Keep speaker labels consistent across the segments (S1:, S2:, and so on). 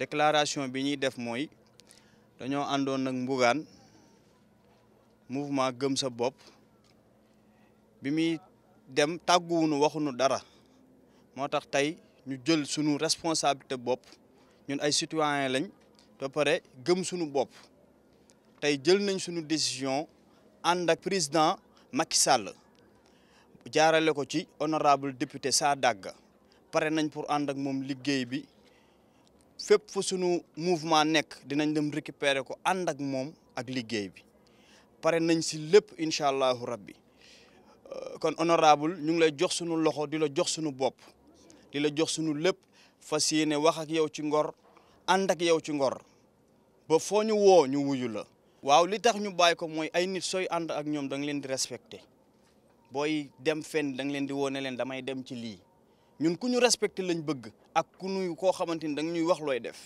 S1: déclaration bi ñuy def mooy dañoo àndoon nag Bougane mouvement gëm sa bopp bi muy dem tàgguwunu waxunu dara moo tax tey ñu jël sunu responsabilité bopp ñun ay citoyen lañ ba pare gëm sunu bopp tey jël nañ sunu décision ànd ak président Macky jaarale ko ci honorable député Sadaga pare nañ pour ànd ak moom liggéey bi fépp fu sunu mouvement nekk dinañ dem récupérer ko ànd ak moom ak liggéey bi pare nañ si lépp incha allahu rabbi euh, kon honorable ñu ngi lay jox sunu loxo di la jox sunu bopp di la jox sunu lépp fas yéene wax ak yow ci ngor ànd ak yow ci ngor ba foo ñu woo ñu wuyu waaw li tax ñu bàyyi ko mooy ay nit sooy ànd ak ñoom da nga leen di respecté booy dem fenn da leen di woo leen damay dem ci lii. ñun ku ñu respecté lañ bëgg ak ku nuy koo xamante ni danga ñuy wax looy def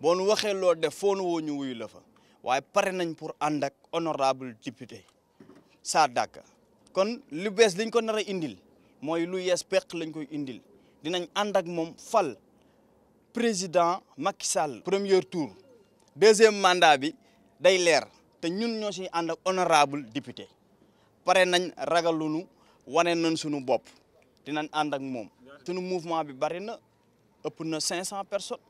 S1: boo nu waxee loo def foo nu woo ñu wuyu la fa waaye pare nañ pour ànd ak honorable député Sadaka kon lu bees lañ ko nar indil mooy lu yees peq lañ koy indil dinañ ànd ak moom fal président Macky Sall premier tour deuxième mandat bi day leer te ñun ñoo siy ànd ak honorable député pare nañ ragalunu wane nañ suñu bopp dinañ ànd ak moom sunu mouvement bi bari na ëpp na cent personnes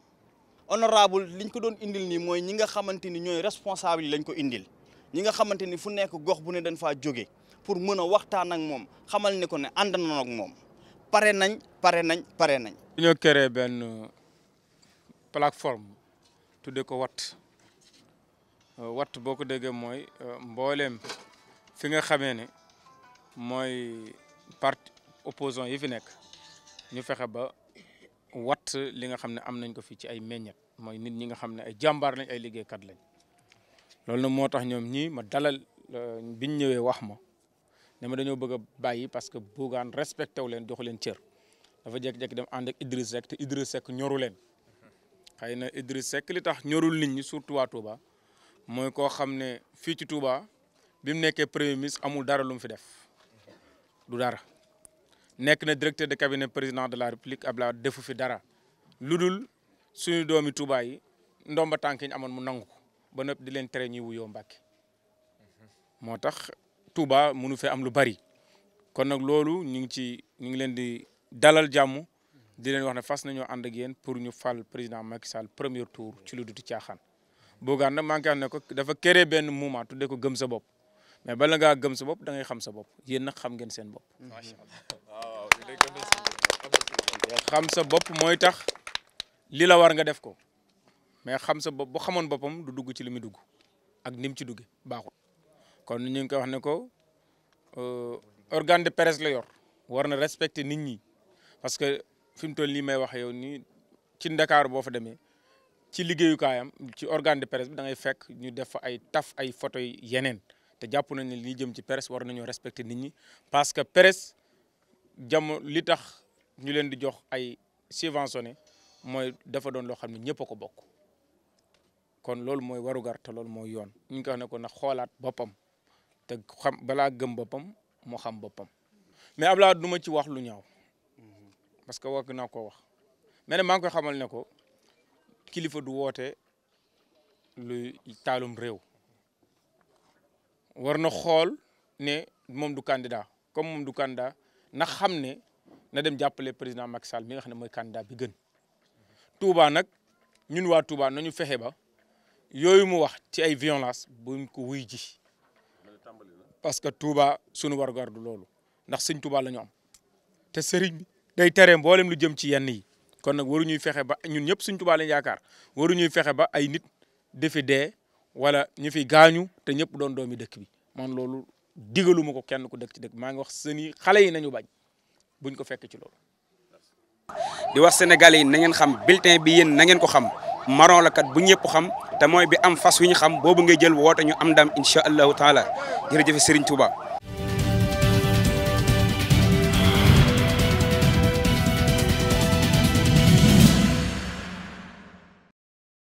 S1: honorable liñ ko doon indil nii mooy ñi nga xamante ni ñooy responsable lañ ko indil ñi nga xamante ni fu nekk gox bu ne dañ faa jóge pour mën a waxtaan ak moom xamal ne ko ne ànd na moom pare nañ pare nañ pare nañ.
S2: dañoo créé benn plateforme tuddee ko Watt euh, Watt boo ko déggee mooy euh, mbooleem fi nga xamee ne mooy parti. opposant yi fi nekk ñu fexe ba wat li nga xam ne am nañ ko fi ci ay meññet mooy nit ñi nga xam ne ay jàmbaar lañ ay liggéeykat lañ loolu na moo tax ñoom ñii ma dalal euh, biñ ñëwee wax ma ne ma dañoo bëgg a bàyyi parce que Bougane respecté wu leen joxu leen cër dafa jékki-jékki dem ànd ak Idriss Seck te Idriss Seck ñoru leen xëy na Idriss sekk li tax ñorul nit ñi surtout waa Touba mooy koo xam ne fii ci Touba bi mu nekkee premier amul dara lu fi def du dara. nekk na directeur de cabinet président de la république Abdoulaye Wade defu fi dara lu dul suñu doomi tubaay yi ndomba tànk amoon mu nangu ko ba nëpp di leen tere ñuy wuyoo Mbàkke moo tax tubaa mënu fee am lu bari kon nag loolu ñu ngi ci ñu ngi leen di dalal jàmm di leen wax ne fas nañoo ànd ak yéen pour ñu fal président Macky Sall premier tour ci lu duti caaxaan boogaan nag maa ngi ne ko dafa créé benn moment dee ko gëm sa bopp mais bala ngaa gëm sa bopp da ngay xam sa bopp yéen nag xam ngeen seen bopp. macha xam sa bopp mooy tax li la war nga def ko mais xam sa bopp boo xamoon boppam du dugg ci li muy dugg ak ni mu ci duggee baaxul kon ñu ngi koy wax ne ko euh, organe de presse la yor war na respecter nit ñi parce que fi mu toll nii may wax yow nii ci Ndakaaru boo fa demee ci liggéeyukaayam ci organe de presse bi da ngay fekk ñu def ay taf ay photo yeneen te jàpp nañ ne li jëm ci presse war nañoo respecter nit ñi parce que presse jamono li tax ñu leen di jox ay subventionné mooy dafa doon loo xam ne ñëpp a ko bokk kon loolu mooy warugar te loolu mooy yoon ñu ko wax ne ko na xoolaat boppam te xam balaa gëm boppam mu xam boppam mais Abdoulaye du ma ci wax lu ñaaw parce que wax naa ko wax mais nag maa ngi koy xamal ne ko kilifa du woote luy taalum réew war na xool ne moom du kandida comme moom du candidat na xam ne na dem jàppale président Macky Sall mi nga xam ne mooy candidat bi gën. Touba nag ñun waa Touba nañu fexe ba yooyu mu wax ci ay violence buñ ko wuy ji parce que Touba sunu wargar du loolu ndax sëñ Touba la ñu am te sëriñ bi day tere mboolem lu jëm ci yenn yi. kon nag ñuy fexe ba ñun ñëpp sëñ Touba lañ yaakaar waruñuy fexe ba ay nit difi dee wala ñu fi gaañu te ñëpp doon doomi dëkk bi man loolu. digaluma ko kenn ku dëkk ci dëkk maa ngi wax seen i xale yi nañu bañ buñ ko fekk ci loolu. di wax sénégalais yi na ngeen xam bulletin bi yéen na ngeen ko xam marron la kat bu ñëpp xam te mooy bi am fas yu ñu xam boobu ngay jël woote ñu am ndam incha allahu taala jërëjëf Serigne Touba.